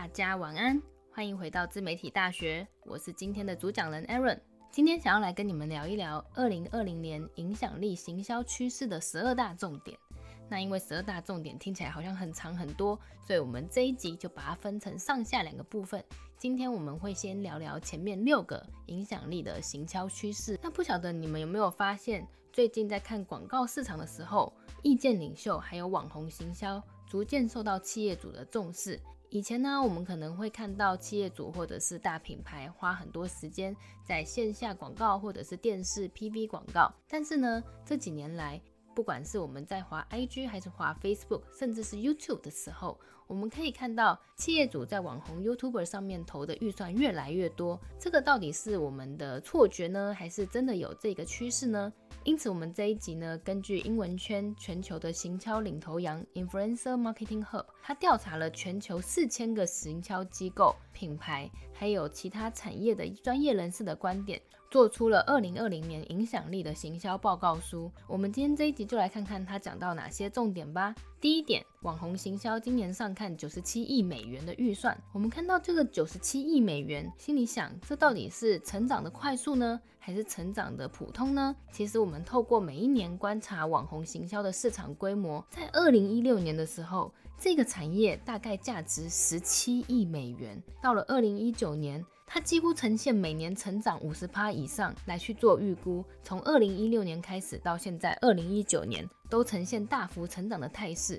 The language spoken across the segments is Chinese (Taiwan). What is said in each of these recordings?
大家晚安，歡迎回到自媒體大學。我是今天的主講人 Aaron，今天想要來跟你們聊一聊二零二零年影響力行銷趨勢的十二大重點。那因為十二大重點聽起來好像很長很多，所以我們這一集就把它分成上下兩個部分。今天我們會先聊聊前面六個影響力的行銷趨勢。那不曉得你們有沒有發現，最近在看廣告市場的時候，意見領袖還有網紅行銷逐漸受到企業主的重視。以前呢，我們可能會看到企業主或者是大品牌花很多時間在線下廣告或者是電視 PV 廣告，但是呢，這幾年來，不管是我們在滑 IG 還是滑 Facebook，甚至是 YouTube 的時候，我們可以看到企業主在網紅 YouTuber 上面投的預算越來越多。這個到底是我們的錯覺呢，還是真的有這個趨勢呢？因此，我們這一集呢，根據英文圈全球的行銷領頭羊 Influencer Marketing Hub，它調查了全球四千個行銷機構、品牌，還有其他產業的專業人士的觀點。做出了二零二零年影響力的行銷報告書，我們今天這一集就來看看它講到哪些重點吧。第一點，網紅行銷今年上看九十七億美元的預算，我們看到這個九十七億美元，心裡想，這到底是成長的快速呢，還是成長的普通呢？其實我們透過每一年觀察網紅行銷的市場規模，在二零一六年的時候，這個產業大概價值十七億美元，到了二零一九年。它幾乎呈現每年成長五十趴以上來去做預估，從二零一六年開始到現在二零一九年，都呈現大幅成長的態勢。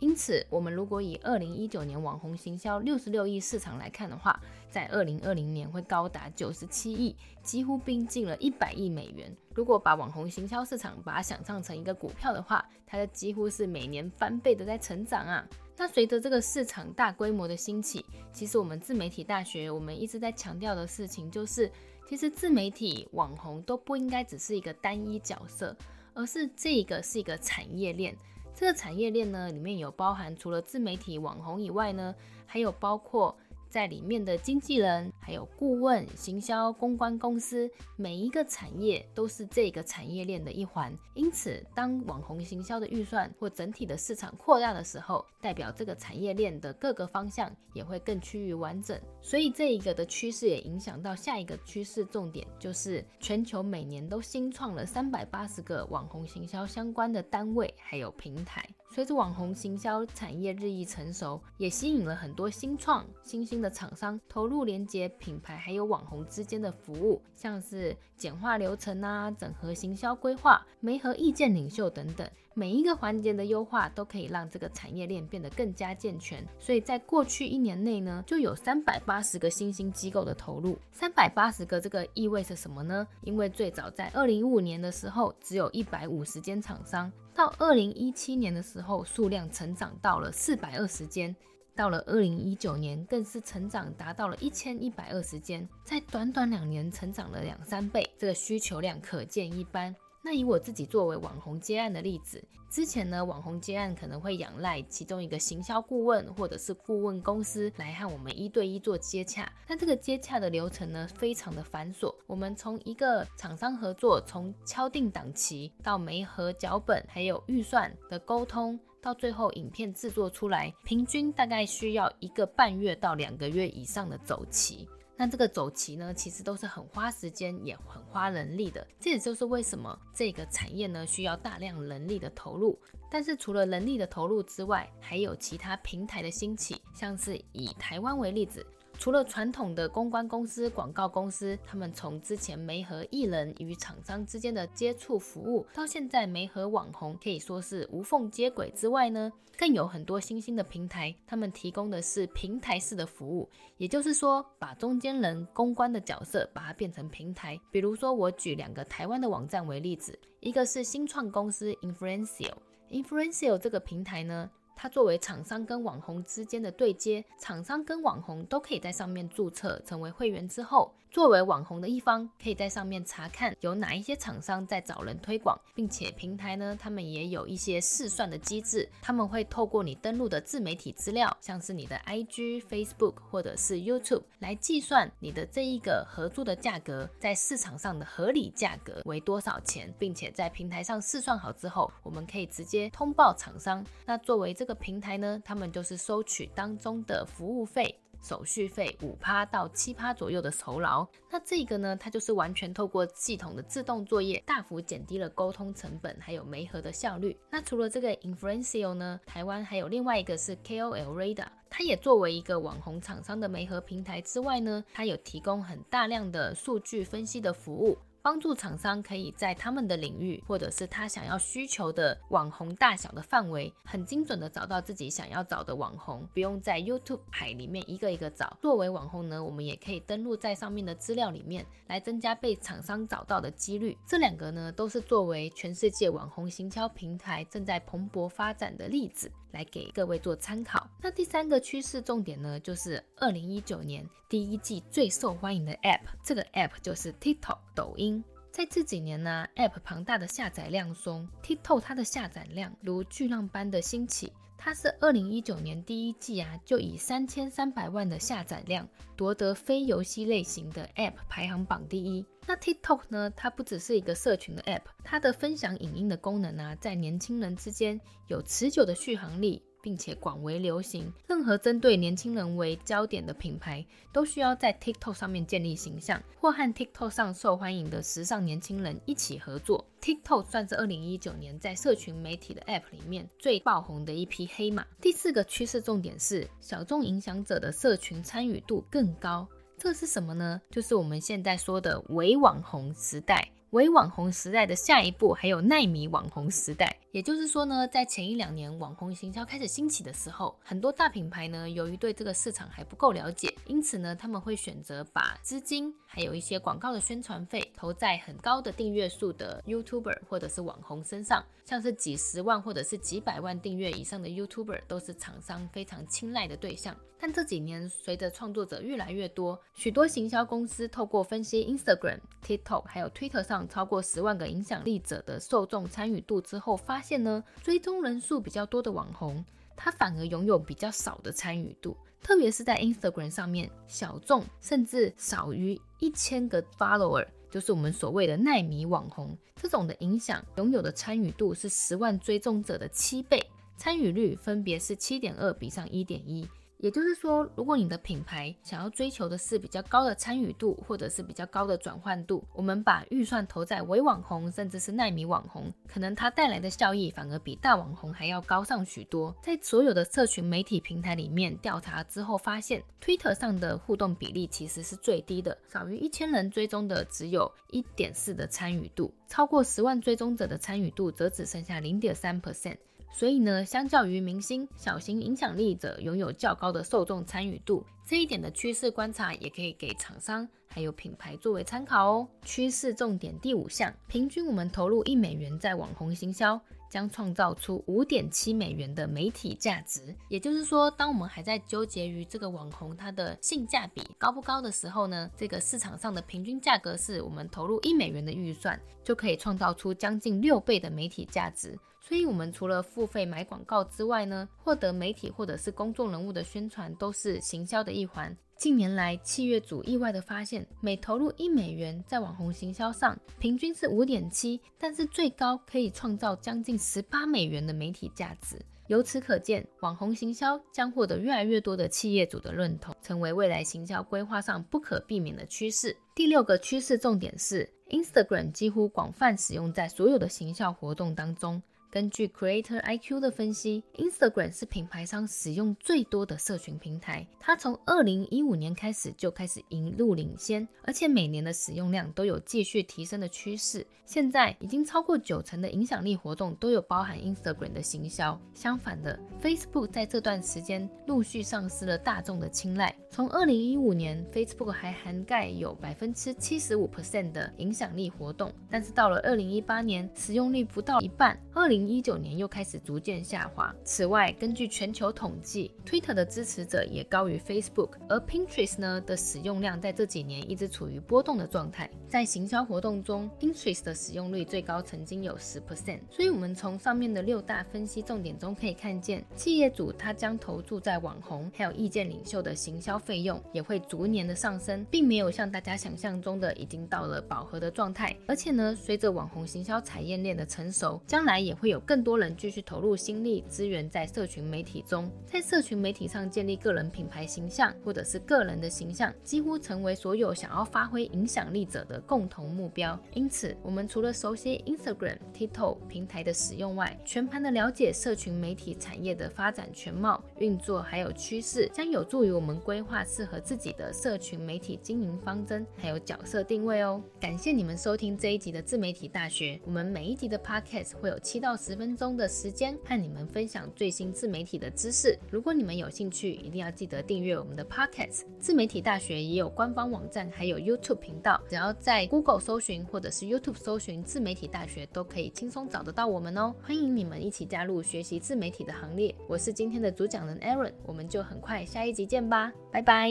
因此，我們如果以二零一九年網紅行銷六十六億市場來看的話，在二零二零年會高達九十七億，幾乎逼近了一百億美元。如果把網紅行銷市場把它想象成一個股票的話，它就幾乎是每年翻倍的在成長啊！那隨着這個市場大規模的興起，其實我們自媒體大學我們一直在強調的事情就是，其實自媒體網紅都不應該只是一個單一角色，而是這個是一個產業鏈。這個產業鏈呢，裡面有包含除了自媒體網紅以外呢，還有包括，在裡面的經紀人、還有顧問、行銷、公關公司，每一個產業都是這個產業鏈的一環。因此，當網紅行銷的預算或整體的市場擴大的時候，代表這個產業鏈的各個方向也會更趨於完整。所以，這一個的趨勢也影響到下一個趨勢，重點就是全球每年都新創了三百八十個網紅行銷相關的單位還有平台。隨着網紅行銷產業日益成熟，也吸引了很多新創新興的廠商投入連接品牌還有網紅之間的服務，像是簡化流程啊、整合行銷規劃、媒合意見領袖等等，每一個環節的優化都可以讓這個產業鏈變得更加健全。所以在過去一年內呢，就有三百八十個新興機構的投入。三百八十個這個意味着什麼呢？因為最早在二零一五年的時候，只有一百五十間廠商。到二零一七年的時候，數量成長到了四百二十間；到了二零一九年，更是成長達到了一千一百二十間，在短短兩年成長了兩三倍，這個需求量可見一斑。那以我自己作為網紅接案的例子，之前呢，網紅接案可能會仰賴其中一個行銷顧問或者是顧問公司來和我們一對一做接洽。那這個接洽的流程呢，非常的繁瑣。我們從一個廠商合作，從敲定檔期到媒合腳本，還有預算的溝通，到最後影片製作出來，平均大概需要一個半月到兩個月以上的走期。那這個走期呢，其實都是很花時間，也很花人力的。這也就是為什麼這個產業呢，需要大量人力的投入。但是除了人力的投入之外，還有其他平台的興起，像是以台灣為例子。除了傳統的公關公司、廣告公司，他們從之前媒合藝人與廠商之間的接觸服務，到現在媒合網紅可以說是無縫接軌之外呢，更有很多新興的平台，他們提供的是平台式的服務，也就是說把中間人公關的角色把它變成平台。比如說，我舉兩個台灣的網站為例子，一個是新創公司 Influenxio，Influenxio 這個平台呢。它作為廠商跟網紅之間的對接，廠商跟網紅都可以在上面註冊成為會員之後。作為網紅的一方，可以在上面查看有哪一些廠商在找人推廣，並且平台呢，他們也有一些試算的機制，他們會透過你登錄的自媒體資料，像是你的 IG、Facebook 或者是 YouTube 來計算你的這一個合作的價格，在市場上的合理價格為多少錢，並且在平台上試算好之後，我們可以直接通報廠商。那作為這個平台呢，他們就是收取當中的服務費。手續費五趴到七趴左右的酬勞，那這個呢，它就是完全透過系統的自動作業，大幅減低了溝通成本，還有媒合的效率。那除了這個 Influencio 呢，台灣還有另外一個是 KOL Radar，它也作為一個網紅廠商的媒合平台之外呢，它有提供很大量的數據分析的服務。幫助廠商可以在他們的領域，或者是他想要需求的網紅大小的範圍，很精準的找到自己想要找的網紅，不用在 YouTube 海裡面一個一個找。作為網紅呢，我們也可以登錄在上面的資料裡面，來增加被廠商找到的幾率。這兩個呢，都是作為全世界網紅行銷平台正在蓬勃發展的例子。來給各位做參考。那第三個趨勢重點呢，就是二零一九年第一季最受歡迎的 App，這個 App 就是 TikTok 抖音。在這幾年呢，App 龐大的下載量中，TikTok 它的下載量如巨浪般的興起。它是二零一九年第一季啊，就以三千三百萬的下載量奪得非遊戲類型的 App 排行榜第一。那 TikTok 呢？它不只是一個社群的 App，它的分享影音的功能呢、啊，在年輕人之間有持久的續航力。並且廣為流行。任何針對年輕人為焦點的品牌，都需要在 TikTok 上面建立形象，或和 TikTok 上受歡迎的時尚年輕人一起合作。TikTok 算是2019年在社群媒體的 App 裡面最爆紅的一匹黑馬。第四個趨勢重點是小眾影響者的社群參與度更高。這是什麼呢？就是我們現在說的微網紅時代。微網紅時代的下一步還有奈米網紅時代。也就是說呢，在前一兩年網紅行銷開始興起的時候，很多大品牌呢，由於對這個市場還不夠了解，因此呢，他們會選擇把資金還有一些廣告的宣傳費投在很高的訂閱數的 YouTuber 或者是網紅身上，像是幾十萬或者是幾百萬訂閱以上的 YouTuber 都是廠商非常青睞的對象。但這幾年隨着創作者越來越多，許多行銷公司透過分析 Instagram、TikTok 還有 Twitter 上超過十萬個影響力者的受眾參與度之後發現。現呢，追蹤人數比較多的網紅，他反而擁有比較少的參與度，特別是在 Instagram 上面，小眾甚至少於一千個 follower，就是我們所謂的奈米網紅，這種的影響，擁有的參與度是十萬追蹤者的七倍，參與率分別是七點二比上一點一。也就是說，如果你的品牌想要追求的是比較高的參與度，或者是比較高的轉換度，我們把預算投在微網紅甚至是奈米網紅，可能它帶來的效益反而比大網紅還要高上許多。在所有的社群媒體平台裡面調查之後，發現 Twitter 上的互動比例其實是最低的，少於一千人追蹤的只有一點四的參與度，超過十萬追蹤者的參與度則只剩下零點三 percent。所以呢，相較於明星，小型影響力者擁有較高的受眾參與度，這一點的趨勢觀察也可以給廠商還有品牌作為參考哦。趨勢重點第五項，平均我們投入一美元在網紅行銷，將創造出五點七美元的媒體價值。也就是說，當我們還在糾結於這個網紅它的性價比高不高的時候呢，這個市場上的平均價格是我們投入一美元的預算，就可以創造出將近六倍的媒體價值。所以，我們除了付費買廣告之外呢，獲得媒體或者是公眾人物的宣傳都是行銷的一環。近年來，企業主意外的發現，每投入一美元在網紅行銷上，平均是五點七，但是最高可以創造將近十八美元的媒體價值。由此可見，網紅行銷將獲得越來越多的企業主的認同，成為未來行銷規劃上不可避免的趨勢。第六個趨勢重點是，Instagram 幾乎廣泛使用在所有的行銷活動當中。根據 Creator IQ 的分析，Instagram 是品牌商使用最多的社群平台。它從2015年開始就開始一路領先，而且每年的使用量都有繼續提升的趨勢。現在已經超過九成的影響力活動都有包含 Instagram 的行銷。相反的，Facebook 在這段時間陸續喪失了大眾的青睞。從2015年，Facebook 還涵蓋有百分之七十五 percent 的影響力活動，但是到了2018年，使用率不到一半。二零一九年又開始逐漸下滑。此外，根據全球統計，Twitter 的支持者也高於 Facebook，而 Pinterest 呢的使用量在這幾年一直處於波動的狀態。在行銷活動中，Pinterest 的使用率最高曾經有十 percent。所以，我們從上面的六大分析重點中可以看見，企業主他將投注在網紅還有意見領袖的行銷費用也會逐年的上升，並沒有像大家想象中的已經到了飽和的狀態。而且呢，隨着網紅行銷產業鏈的成熟，將來也會有。有更多人繼續投入心力資源在社群媒體中，在社群媒體上建立個人品牌形象或者是個人的形象，幾乎成為所有想要發揮影響力者的共同目標。因此，我們除了熟悉 Instagram、TikTok 平台的使用外，全盤的了解社群媒體產業的發展全貌、運作還有趨勢，將有助於我們規劃適合自己的社群媒體經營方針還有角色定位哦。感謝你們收聽這一集的自媒體大學，我們每一集的 Podcast 會有七到。十分鐘的時間和你們分享最新自媒體的知識。如果你們有興趣，一定要記得訂閱我們的 Podcast《自媒體大學》，也有官方網站，還有 YouTube 頻道。只要在 Google 搜尋或者是 YouTube 搜尋“自媒體大學”，都可以輕鬆找得到我們哦。歡迎你們一起加入學習自媒體的行列。我是今天的主講人 Aaron，我們就很快下一集見吧，拜拜。